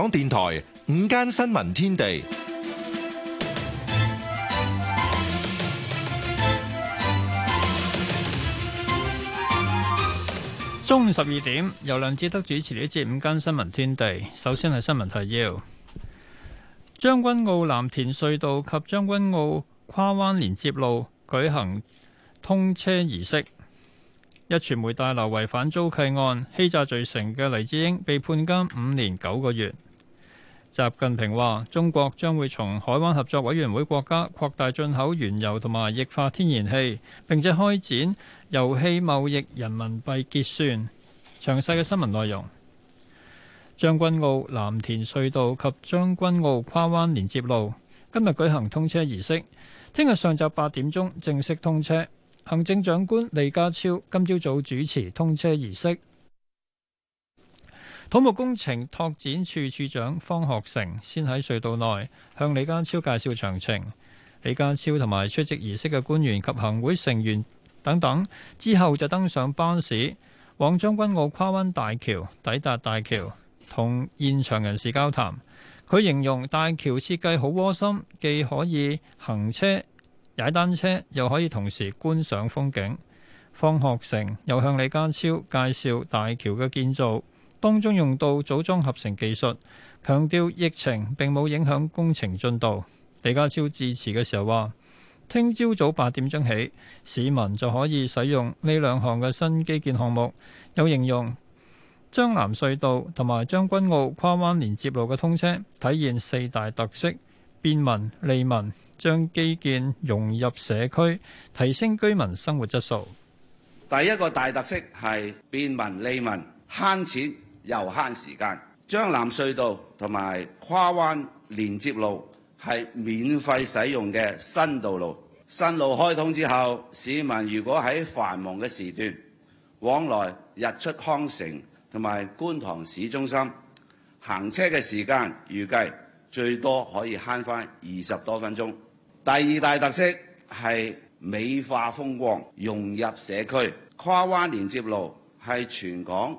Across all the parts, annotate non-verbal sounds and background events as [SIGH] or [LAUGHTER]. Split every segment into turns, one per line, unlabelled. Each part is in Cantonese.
港電台午間新聞天地，
中午十二點由梁志德主持呢一節午間新聞天地。首先係新聞提要：將軍澳藍田隧道及將軍澳跨灣連接路舉行通車儀式。一傳媒大樓違反租契案，欺詐罪成嘅黎智英被判監五年九個月。習近平話：中國將會從海灣合作委員會國家擴大進口原油同埋液化天然氣，並且開展油氣貿易人民幣結算。詳細嘅新聞內容。將軍澳藍田隧道及將軍澳跨灣連接路今日舉行通車儀式，聽日上晝八點鐘正式通車。行政長官李家超今朝早主持通車儀式。土木工程拓展處處長方學成先喺隧道內向李家超介紹詳情，李家超同埋出席儀式嘅官員及行會成員等等之後就登上巴士往將軍澳跨灣大橋，抵達大橋同現場人士交談，佢形容大橋設計好窩心，既可以行車、踩單車，又可以同時觀賞風景。方學成又向李家超介紹大橋嘅建造。當中用到組裝合成技術，強調疫情並冇影響工程進度。李家超致辭嘅時候話，聽朝早八點鐘起，市民就可以使用呢兩項嘅新基建項目。有形容將南隧道同埋將軍澳跨灣連接路嘅通車，體現四大特色：便民利民，將基建融入社區，提升居民生活質素。
第一個大特色係便民利民，慳錢。又慳時間，將藍隧道同埋跨灣連接路係免費使用嘅新道路。新路開通之後，市民如果喺繁忙嘅時段往來日出康城同埋觀塘市中心，行車嘅時間預計最多可以慳翻二十多分鐘。第二大特色係美化風光，融入社區。跨灣連接路係全港，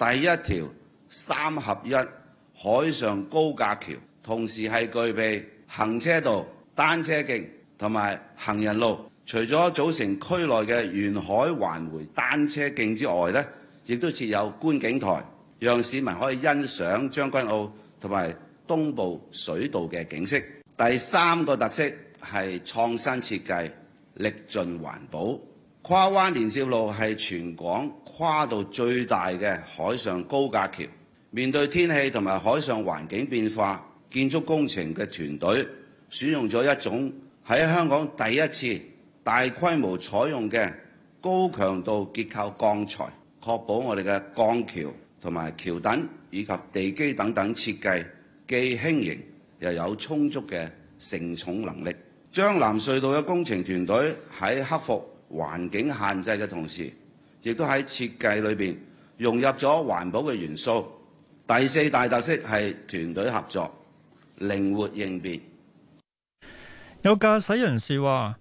第一條三合一海上高架橋，同時係具備行車道、單車徑同埋行人路。除咗組成區內嘅沿海環迴單車徑之外，呢亦都設有觀景台，讓市民可以欣賞將軍澳同埋東部水道嘅景色。第三個特色係創新設計，力盡環保。跨灣連接路係全港跨度最大嘅海上高架橋。面對天氣同埋海上環境變化，建築工程嘅團隊選用咗一種喺香港第一次大規模採用嘅高強度結構鋼材，確保我哋嘅鋼橋同埋橋墩以及地基等等設計既輕盈又有充足嘅承重能力。將南隧道嘅工程團隊喺克服環境限制嘅同時，亦都喺設計裏邊融入咗環保嘅元素。第四大特色係團隊合作、靈活應變。
有駕駛人士話：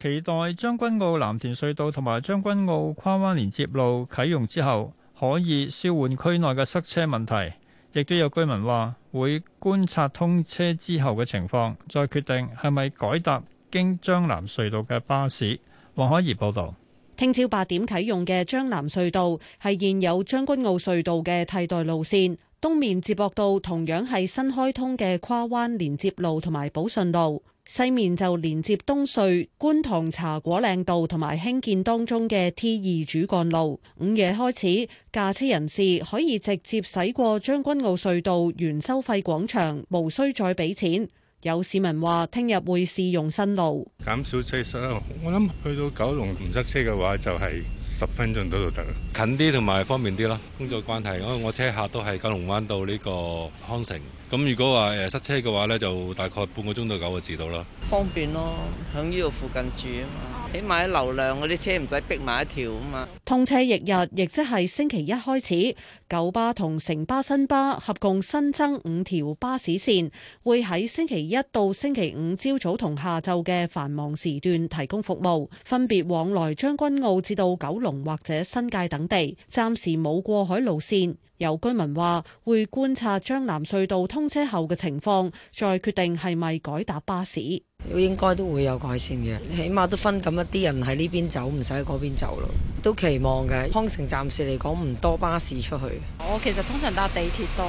期待將軍澳藍田隧道同埋將軍澳跨灣連接路啟用之後，可以紓緩區內嘅塞車問題。亦都有居民話：會觀察通車之後嘅情況，再決定係咪改搭經將藍隧道嘅巴士。黃海怡報道：
聽朝八點啟用嘅將藍隧道係現有將軍澳隧道嘅替代路線，東面接駁道同樣係新開通嘅跨灣連接路同埋寶順路，西面就連接東隧、觀塘茶果嶺道同埋興建當中嘅 T2 主幹路。午夜開始，駕車人士可以直接駛過將軍澳隧道原收費廣場，無需再俾錢。有市民話：聽日會試用新路，
減少車塞。我諗去到九龍唔塞車嘅話，就係十分鐘到就得啦，近啲同埋方便啲咯。工作關係，我我車客都係九龍灣到呢個康城。咁如果話誒塞車嘅話咧，就大概半個鐘到九個字到啦。
方便咯，響呢度附近住啊嘛。
起碼
流量嗰啲車唔使逼埋一條啊嘛！
通車翌日，亦即係星期一開始，九巴同城巴新巴合共新增五條巴士線，會喺星期一到星期五朝早同下晝嘅繁忙時段提供服務，分別往來將軍澳至到九龍或者新界等地。暫時冇過海路線。有居民話：會觀察將南隧道通車後嘅情況，
再決定係咪改搭巴士。應該都會有改善嘅，起碼都分咁一啲人喺呢邊走，唔使喺嗰邊走咯。都期望嘅，康城暫時嚟講唔多巴士出去。我其實通常搭地鐵多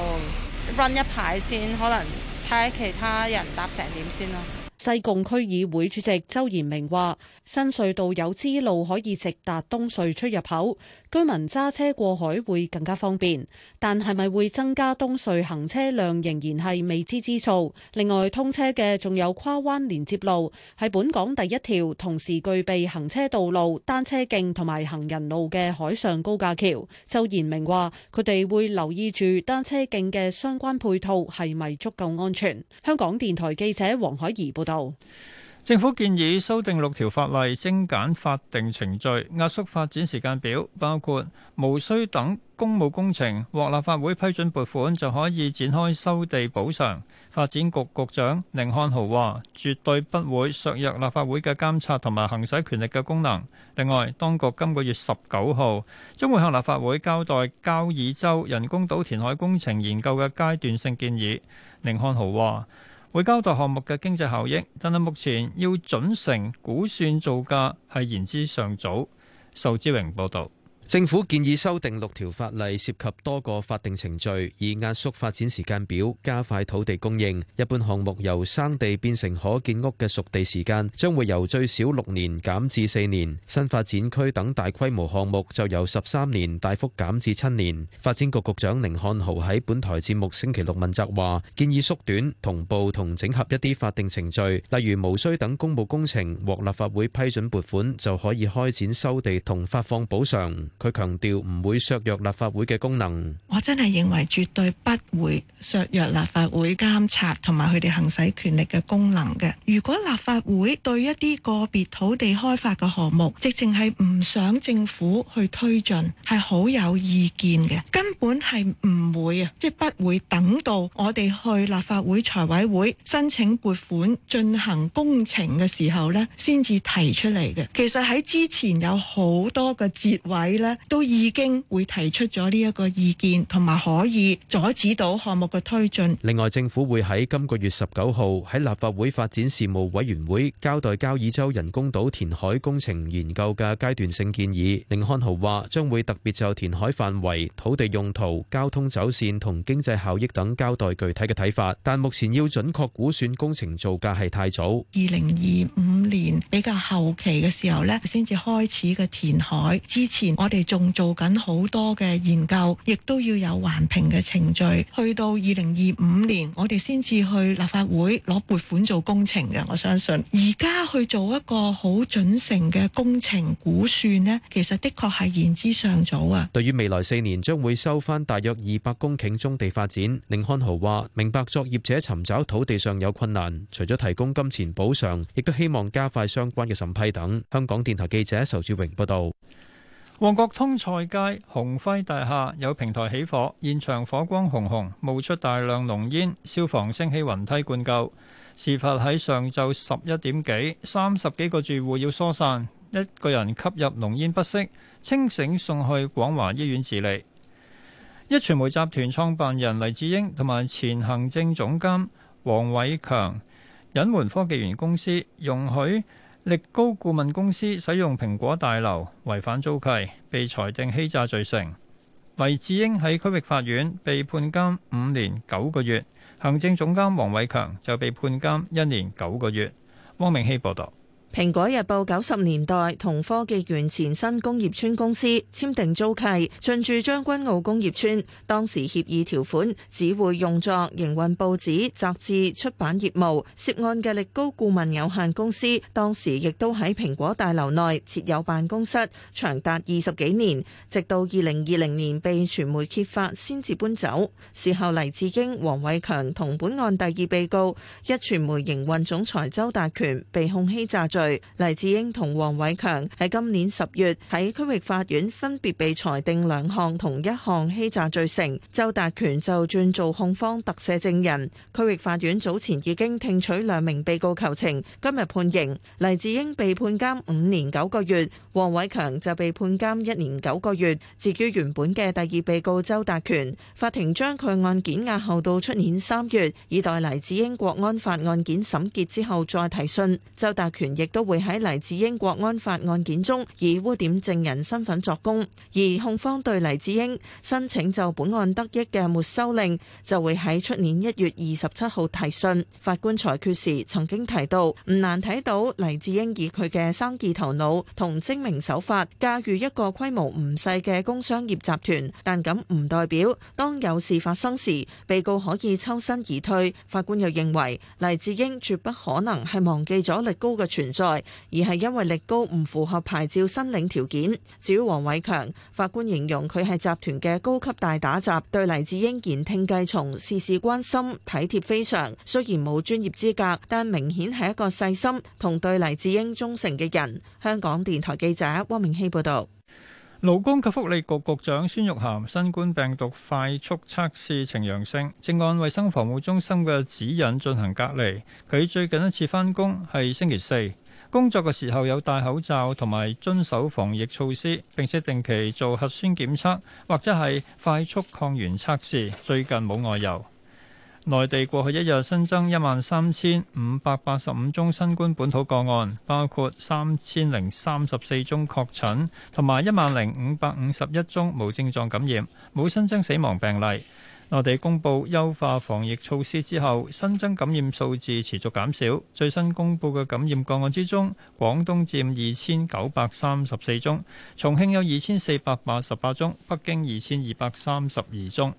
，run 一排先，可能睇下其他人搭成點先咯。
西貢區議會主席周延明話：新隧道有支路可以直達東隧出入口，居民揸車過海會更加方便。但係咪會增加東隧行車量仍然係未知之數。另外通車嘅仲有跨灣連接路，係本港第一條同時具備行車道路、單車徑同埋行人路嘅海上高架橋。周延明話：佢哋會留意住單車徑嘅相關配套係咪足夠安全。香港電台記者黃海怡報。
政府建議修訂六條法例，精簡法定程序，壓縮發展時間表，包括無需等公務工程獲立法會批准撥款就可以展開收地補償。發展局局長寧漢豪話：絕對不會削弱立法會嘅監察同埋行使權力嘅功能。另外，當局今個月十九號將會向立法會交代交椅洲人工島填海工程研究嘅階段性建議。寧漢豪話。會交代項目嘅經濟效益，但係目前要準成估算造價係言之尚早。仇志榮報道。政府建議修訂六條法例，
涉及多個法定程序，以壓縮發展時間表，加快土地供應。一般項目由生地變成可建屋嘅熟地時間，將會由最少六年減至四年；新發展區等大規模項目就由十三年大幅減至七年。發展局局長寧漢豪喺本台節目星期六問責話：建議縮短、同步同整合一啲法定程序，例如無需等公務工程獲立法會批准撥款就可以開展收地同發放補償。佢強調唔會削弱立法會嘅功能。
我真係認為絕對不會削弱立法會監察同埋佢哋行使權力嘅功能嘅。如果立法會對一啲個別土地開發嘅項目，直情係唔想政府去推進，係好有意見嘅。根本係唔會啊，即係不會等到我哋去立法會財委會申請撥款進行工程嘅時候呢，先至提出嚟嘅。其實喺之前有好多個節位，都已經會提出咗呢一個意見，同埋可以阻止到項目嘅推進。
另外，政府會喺今個月十九號喺立法會發展事務委員會交代交椅洲人工島填海工程研究嘅階段性建議。寧漢豪話，將會特別就填海範圍、土地用途、交通走線同經濟效益等交代具體嘅睇法，但目前要準確估算工程造價係太早。
二零二五年比較後期嘅時候呢先至開始嘅填海。之前我哋仲做緊好多嘅研究，亦都要有環評嘅程序。去到二零二五年，我哋先至去立法會攞撥款做工程嘅。我相信而家去做一個好準成嘅工程估算呢，其實的確係言之尚早啊。
對於未來四年將會收翻大約二百公頃棕地發展，寧漢豪話：明白作業者尋找土地上有困難，除咗提供金錢補償，亦都希望加快相關嘅審批等。香港電台記者仇志榮報道。
旺角通菜街鴻輝大廈有平台起火，現場火光紅紅，冒出大量濃煙，消防升起雲梯灌救。事發喺上晝十一點幾，三十幾個住戶要疏散，一個人吸入濃煙不適，清醒送去廣華醫院治理。壹傳媒集團創辦人黎智英同埋前行政總監黃偉強，隱瞞科技園公司容許。力高顧問公司使用蘋果大樓，違反租契，被裁定欺詐罪成。黎智英喺區域法院被判監五年九個月，行政總監黃偉強就被判監一年九個月。汪明熙報道。
《蘋果日報》九十年代同科技園前身工業村公司簽訂租契，進駐將軍澳工業村。當時協議條款只會用作營運報紙雜誌出版業務。涉案嘅力高顧問有限公司當時亦都喺蘋果大樓內設有辦公室，長達二十幾年，直到二零二零年被傳媒揭發先至搬走。事後黎智英、黃偉強同本案第二被告一傳媒營運總裁周達權被控欺詐罪。黎智英同黃偉強喺今年十月喺區域法院分別被裁定兩項同一項欺詐罪成，周達權就轉做控方特赦證人。區域法院早前已經聽取兩名被告求情，今日判刑。黎智英被判監五年九個月，黃偉強就被判監一年九個月。至於原本嘅第二被告周達權，法庭將佢案件押後到出年三月，以待黎智英國安法案件審結之後再提訊。周達權亦都會喺黎智英國安法案件中以污點證人身份作供，而控方對黎智英申請就本案得益嘅沒收令，就會喺出年一月二十七號提訊。法官裁決時曾經提到，唔難睇到黎智英以佢嘅生意頭腦同精明手法，駕馭一個規模唔細嘅工商業集團，但咁唔代表當有事發生時，被告可以抽身而退。法官又認為黎智英絕不可能係忘記咗力高嘅傳。在而係因為力高唔符合牌照申領條件。至於黃偉強法官形容佢係集團嘅高級大打雜，對黎智英言聽計從，事事關心體貼非常。雖然冇專業資格，但明顯係一個細心同對黎智英忠誠嘅人。香港電台記者汪明熙報道。
勞工及福利局局，局長孫玉涵新冠病毒快速測試呈陽性，正按衛生防護中心嘅指引進行隔離，佢最近一次返工係星期四。工作嘅時候有戴口罩同埋遵守防疫措施，並且定期做核酸檢測，或者係快速抗原測試。最近冇外遊。內地過去一日新增一萬三千五百八十五宗新冠本土個案，包括三千零三十四宗確診，同埋一萬零五百五十一宗無症狀感染，冇新增死亡病例。內地公布優化防疫措施之後，新增感染數字持續減少。最新公布嘅感染個案之中，廣東佔二千九百三十四宗，重慶有二千四百八十八宗，北京二千二百三十二宗。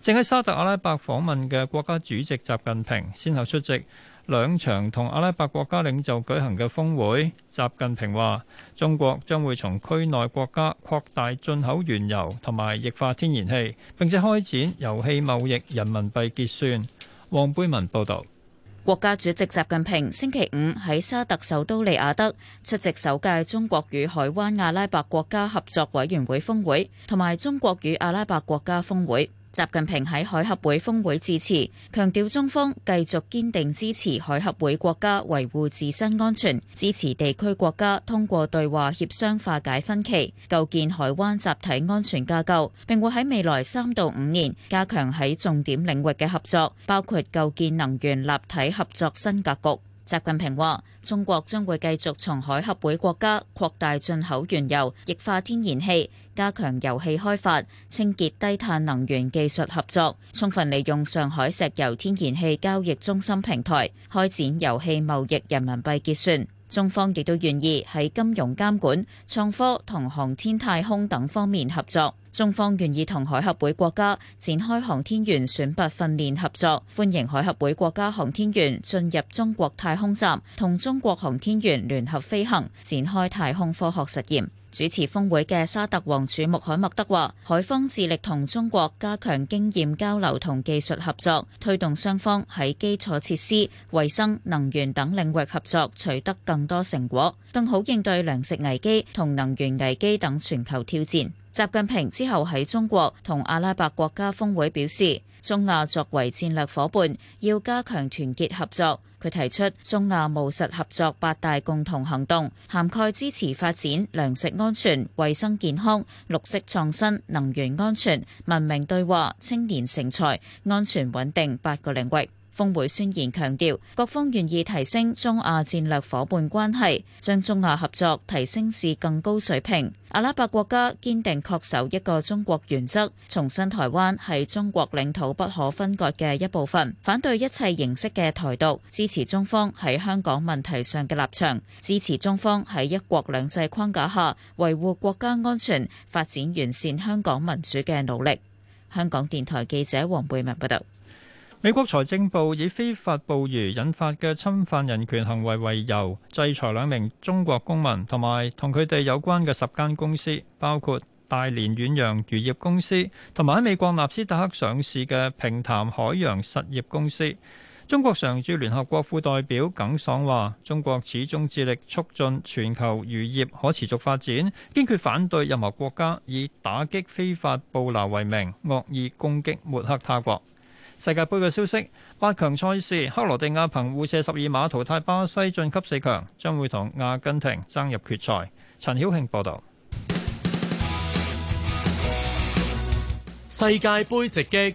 正喺沙特阿拉伯訪問嘅國家主席習近平，先後出席。兩場同阿拉伯國家領袖舉行嘅峰會，習近平話：中國將會從區內國家擴大進口原油同埋液化天然氣，並且開展油氣貿易人民幣結算。黃貝文報導。
國家主席習近平星期五喺沙特首都利雅德出席首屆中國與海灣阿拉伯國家合作委員會峰會同埋中國與阿拉伯國家峰會。習近平喺海合會峰會致辭，強調中方繼續堅定支持海合會國家維護自身安全，支持地區國家通過對話協商化解分歧，構建海灣集體安全架構，並會喺未來三到五年加強喺重點領域嘅合作，包括構建能源立體合作新格局。習近平話，中國將會繼續從海合會國家擴大進口原油、液化天然氣。加強油氣開發、清潔低碳能源技術合作，充分利用上海石油天然氣交易中心平台開展油氣貿易人民幣結算。中方亦都願意喺金融監管、創科同航天太空等方面合作。中方願意同海合會國家展開航天員選拔訓練合作，歡迎海合會國家航天員進入中國太空站同中國航天員聯合飛行，展開太空科學實驗。主持峰會嘅沙特王儲穆罕默德話，海方致力同中國加強經驗交流同技術合作，推動雙方喺基礎設施、衛生、能源等領域合作取得更多成果，更好應對糧食危機同能源危機等全球挑戰。習近平之後喺中國同阿拉伯國家峰會表示，中亞作為戰略夥伴，要加強團結合作。佢提出中亞務實合作八大共同行動，涵蓋支持發展、糧食安全、衛生健康、綠色創新、能源安全、文明對話、青年成才、安全穩定八個領域。峰會宣言強調，各方願意提升中亞戰略夥伴關係，將中亞合作提升至更高水平。阿拉伯國家堅定恪守一個中國原則，重申台灣係中國領土不可分割嘅一部分，反對一切形式嘅台獨，支持中方喺香港問題上嘅立場，支持中方喺一國兩制框架下維護國家安全、發展完善香港民主嘅努力。香港電台記者黃貝文報道。
美國財政部以非法捕魚引發嘅侵犯人權行為為由，制裁兩名中國公民同埋同佢哋有關嘅十間公司，包括大連遠洋漁業公司同埋喺美國納斯達克上市嘅平潭海洋實業公司。中國常駐聯合國副代表耿爽話：中國始終致力促進全球漁業可持續發展，堅決反對任何國家以打擊非法捕撈為名惡意攻擊抹黑他國。世界杯嘅消息，八強賽事，克羅地亞憑互射十二碼淘汰巴西晉級四強，將會同阿根廷爭入決賽。
陳曉慶報道。世界杯直擊。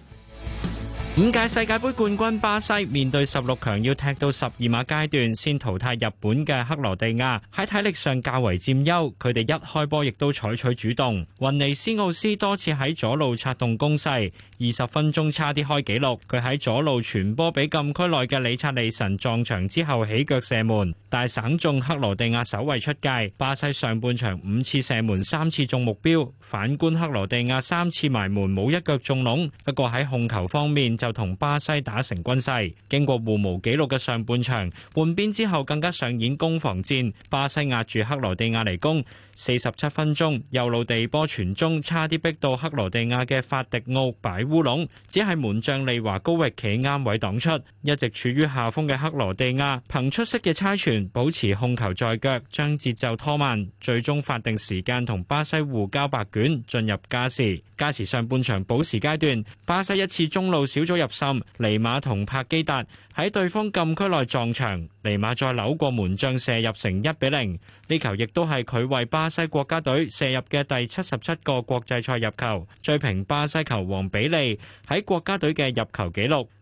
五屆世界杯冠軍巴西面對十六強要踢到十二碼階段先淘汰日本嘅克羅地亞，喺體力上較為佔優。佢哋一開波亦都採取主動，雲尼斯奧斯多次喺左路策動攻勢。二十分鐘差啲開紀錄，佢喺左路傳波俾禁區內嘅里察利神撞牆之後起腳射門，大省中克羅地亞守衛出界。巴西上半場五次射門三次中目標，反觀克羅地亞三次埋門冇一腳中籠。不過喺控球方面，就同巴西打成均勢，經過互無紀錄嘅上半場，換邊之後更加上演攻防戰，巴西壓住克羅地亞嚟攻。四十七分鐘，右路地波傳中，差啲逼到克羅地亞嘅法迪奧擺烏龍，只係門將利華高域企啱位擋出。一直處於下風嘅克羅地亞憑出色嘅差傳保持控球在腳，將節奏拖慢，最終法定時間同巴西互交白卷進入加時。加時上半場補時階段，巴西一次中路小組入滲，尼馬同帕基達。喺對方禁區內撞牆，尼馬再扭過門將射入成，成一比零。呢球亦都係佢為巴西國家隊射入嘅第七十七個國際賽入球，追平巴西球王比利喺國家隊嘅入球紀錄。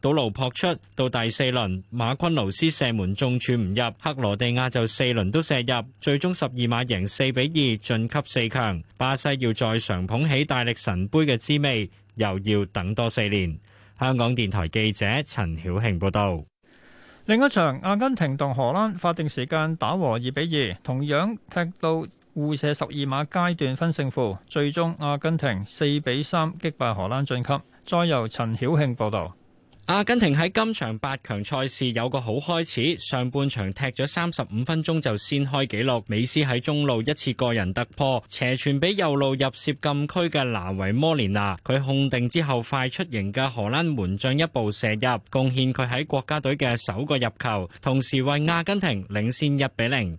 倒路撲出到第四輪，馬昆勞斯射門中柱唔入，克羅地亞就四輪都射入，最終十二碼贏四比二晉級四強。巴西要再嘗捧起大力神杯嘅滋味，又要等多四年。香港電台記者陳曉慶報道。另一場阿根廷同荷蘭法定時間打和二比二，同樣踢到
互射十二碼階段分勝負，最終阿根廷四比三擊敗荷
蘭晉級。再由陳曉慶報道。阿根廷喺今場八強賽事有個好開始，上半場踢咗三十五分鐘就先開紀錄。美斯喺中路一次個人突破，斜傳俾右路入楔禁區嘅拿維摩連拿，佢控定之後快出型嘅荷蘭門將一步射入，貢獻佢喺國家隊嘅首個入球，同時為阿根廷領先一比零。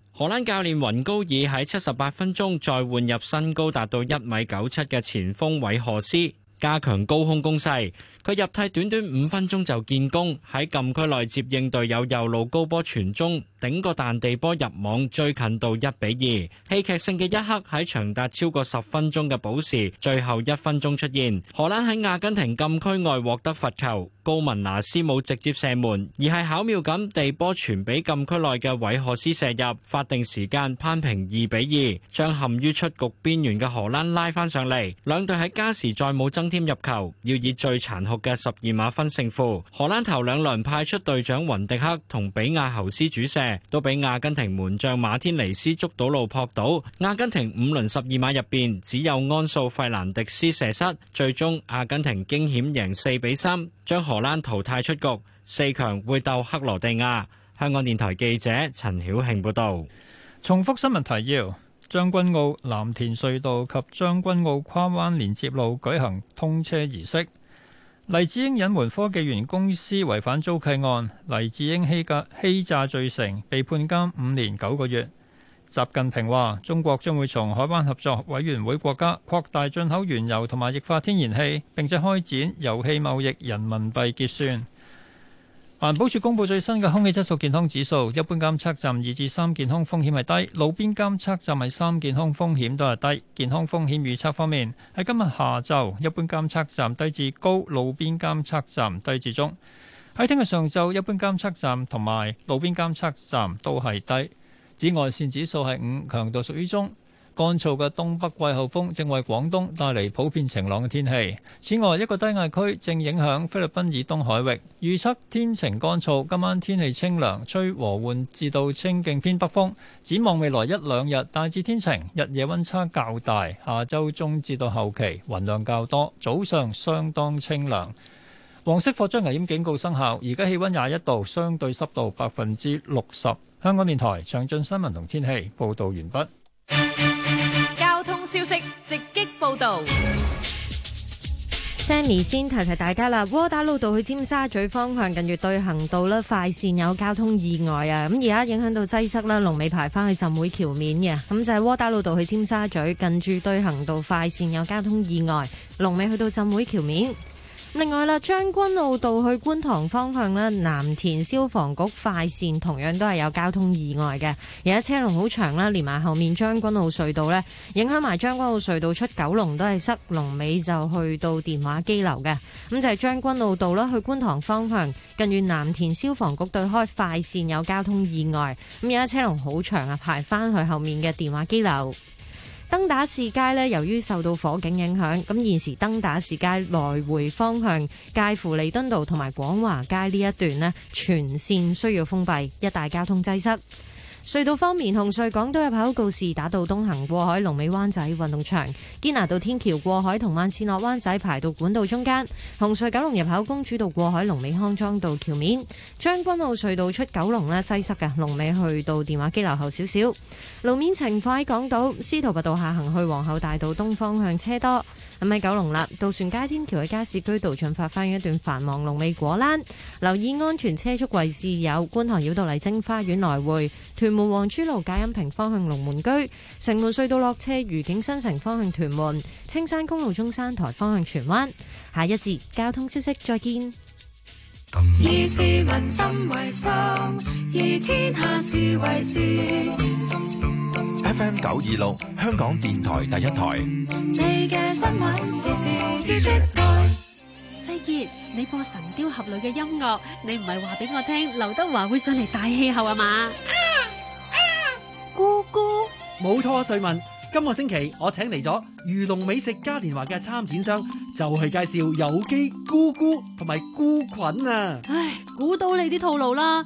荷蘭教練雲高爾喺七十八分鐘再換入身高達到一米九七嘅前鋒韋何斯，加強高空攻勢。佢入替短短五分鐘就建功，喺禁區內接應隊友右路高波傳中。頂個彈地波入網，追近到一比二。戲劇性嘅一刻喺長達超過十分鐘嘅補時，最後一分鐘出現。荷蘭喺阿根廷禁區外獲得罰球，高文拿斯冇直接射門，而係巧妙咁地，地波傳俾禁區內嘅韋賀斯射入。法定時間攀平二比二，將陷於出局邊緣嘅荷蘭拉翻上嚟。兩隊喺加時再冇增添入球，要以最殘酷嘅十二碼分勝負。荷蘭頭兩輪派出隊長雲迪克同比亞侯斯主射。都俾阿根廷門將馬天尼斯捉到路撲到。阿根廷五輪十二碼入邊只有安素費蘭迪斯射失，最終阿根廷驚險贏四比三，將荷蘭淘汰出局，四強會鬥克羅地亞。香港電台記者陳曉慶報道。重複新聞提要：將軍澳藍田
隧道及將軍澳跨灣連接路舉行通車儀式。黎智英隱瞞科技園公司違反租契案，黎智英欺價欺詐罪成，被判監五年九個月。習近平話：中國將會從海灣合作委員會國家擴大進口原油同埋液化天然氣，並且開展油氣貿易人民幣結算。環保署公布最新嘅空氣質素健康指數，一般監測站二至三健康風險係低，路邊監測站係三健康風險都係低。健康風險預測方面，喺今日下晝，一般監測站低至高，路邊監測站低至中。喺聽日上晝，一般監測站同埋路邊監測站都係低。紫外線指數係五，強度屬於中。乾燥嘅東北季候風正為廣東帶嚟普遍晴朗嘅天氣。此外，一個低壓區正影響菲律賓以東海域。預測天晴乾燥，今晚天氣清涼，吹和緩至到清勁偏北風。展望未來一兩日大致天晴，日夜溫差較大。下周中至到後期雲量較多，早上相當清涼。黃色火災危險警告生效，而家氣溫廿一度，相對濕度百分之六十。香港電台詳盡新聞同天氣報道完畢。
消息直擊報道
，Sammy 先提提大家啦，窩打老道去尖沙咀方向近住對行道啦，快線有交通意外啊，咁而家影響到擠塞啦，龍尾排翻去浸會橋面嘅，咁就係窩打老道去尖沙咀近住對行道快線有交通意外，龍尾去到浸會橋面。另外啦，將軍澳道去觀塘方向，呢藍田消防局快線，同樣都係有交通意外嘅，有一車龍好長啦，連埋後面將軍澳隧道呢，影響埋將軍澳隧道出九龍都係塞龍尾，龍尾就去到電話機樓嘅。咁就係將軍澳道啦，去觀塘方向，近住藍田消防局對開快線有交通意外，咁有一車龍好長啊，排翻去後面嘅電話機樓。登打士街咧，由於受到火警影響，咁現時登打士街來回方向介乎彌敦道同埋廣華街呢一段咧，全線需要封閉，一大交通擠塞。隧道方面，紅隧港島入口告示打道東行過海龍尾灣仔運動場堅拿道天橋過海同慢線落灣仔排到管道中間，紅隧九龍入口公主道過海龍尾康莊道橋面將軍澳隧道出九龍咧擠塞嘅龍尾去到電話機樓後少少，路面情況喺港島司徒拔道下行去皇后大道東方向車多。咁喺九龍啦，渡船街天橋嘅加士居道進發翻一段繁忙龍尾果欄，留意安全車速位置有觀塘繞道麗晶花園來回，屯門黃珠路嘉恩平方向龍門居，城門隧道落車愉景新城方向屯門，青山公路中山台方向荃灣。下一節交通消息再見。
以
F M 九二六香港電台第一
台。
世傑，你播《神鵰俠侶》嘅音樂，你唔係話俾我聽劉德華會上嚟大氣候啊嘛？
姑姑，冇錯，細文，今個星期我請嚟咗漁農美食嘉年華嘅參展商，就係介紹有機菇菇同埋菇菌啊！唉，
估到你啲套路啦。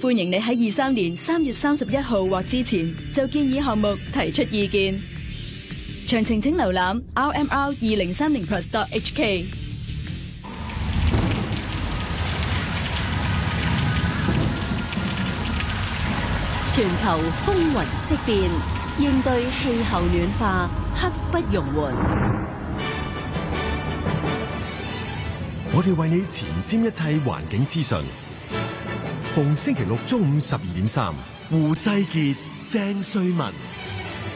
歡迎你喺二三年三月三十一號或之前就建議項目提出意見。詳情請瀏覽 rmr 二零三零 plus.hk。
全球風雲色變，應對氣候暖化刻
不容緩。
我哋為你前瞻一切環境資訊。逢星期六中午十二點三，胡世杰、鄭瑞文，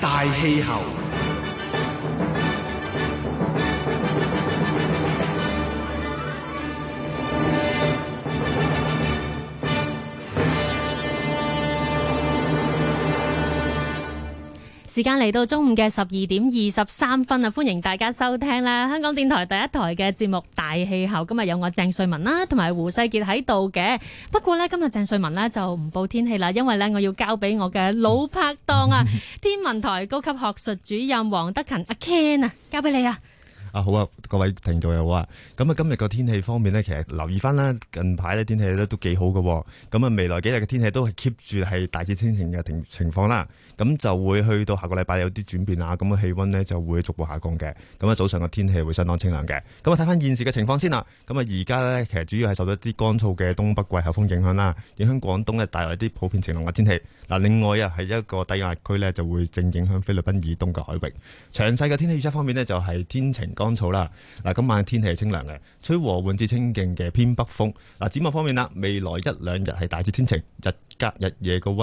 大氣候。 [NOISE]
時間嚟到中午嘅十二點二十三分啊！歡迎大家收聽啦香港電台第一台嘅節目《大氣候》。今日有我鄭瑞文啦，同埋胡世杰喺度嘅。不過呢，今日鄭瑞文呢就唔報天氣啦，因為呢我要交俾我嘅老拍檔啊，天文台高級學術主任黃德勤阿 Ken 啊，交俾你啊！
啊好啊，各位聽眾又好啊，咁啊今日個天氣方面呢，其實留意翻啦，近排呢，天氣咧都幾好嘅，咁啊未來幾日嘅天氣都係 keep 住係大致天晴嘅情情況啦，咁就會去到下個禮拜有啲轉變啊，咁嘅氣溫呢，就會逐步下降嘅，咁啊早上個天氣會相當清涼嘅，咁啊睇翻現時嘅情況先啦，咁啊而家呢，其實主要係受咗啲乾燥嘅東北季候風影響啦，影響廣東呢帶來啲普遍晴朗嘅天氣，嗱另外啊係一個低壓區呢，就會正影響菲律賓以東嘅海域，詳細嘅天氣預測方面呢，就係天晴乾燥啦，嗱今晚天氣係清涼嘅，吹和緩至清勁嘅偏北風。嗱，展望方面啦，未來一兩日係大致天晴，日隔日夜個
溫。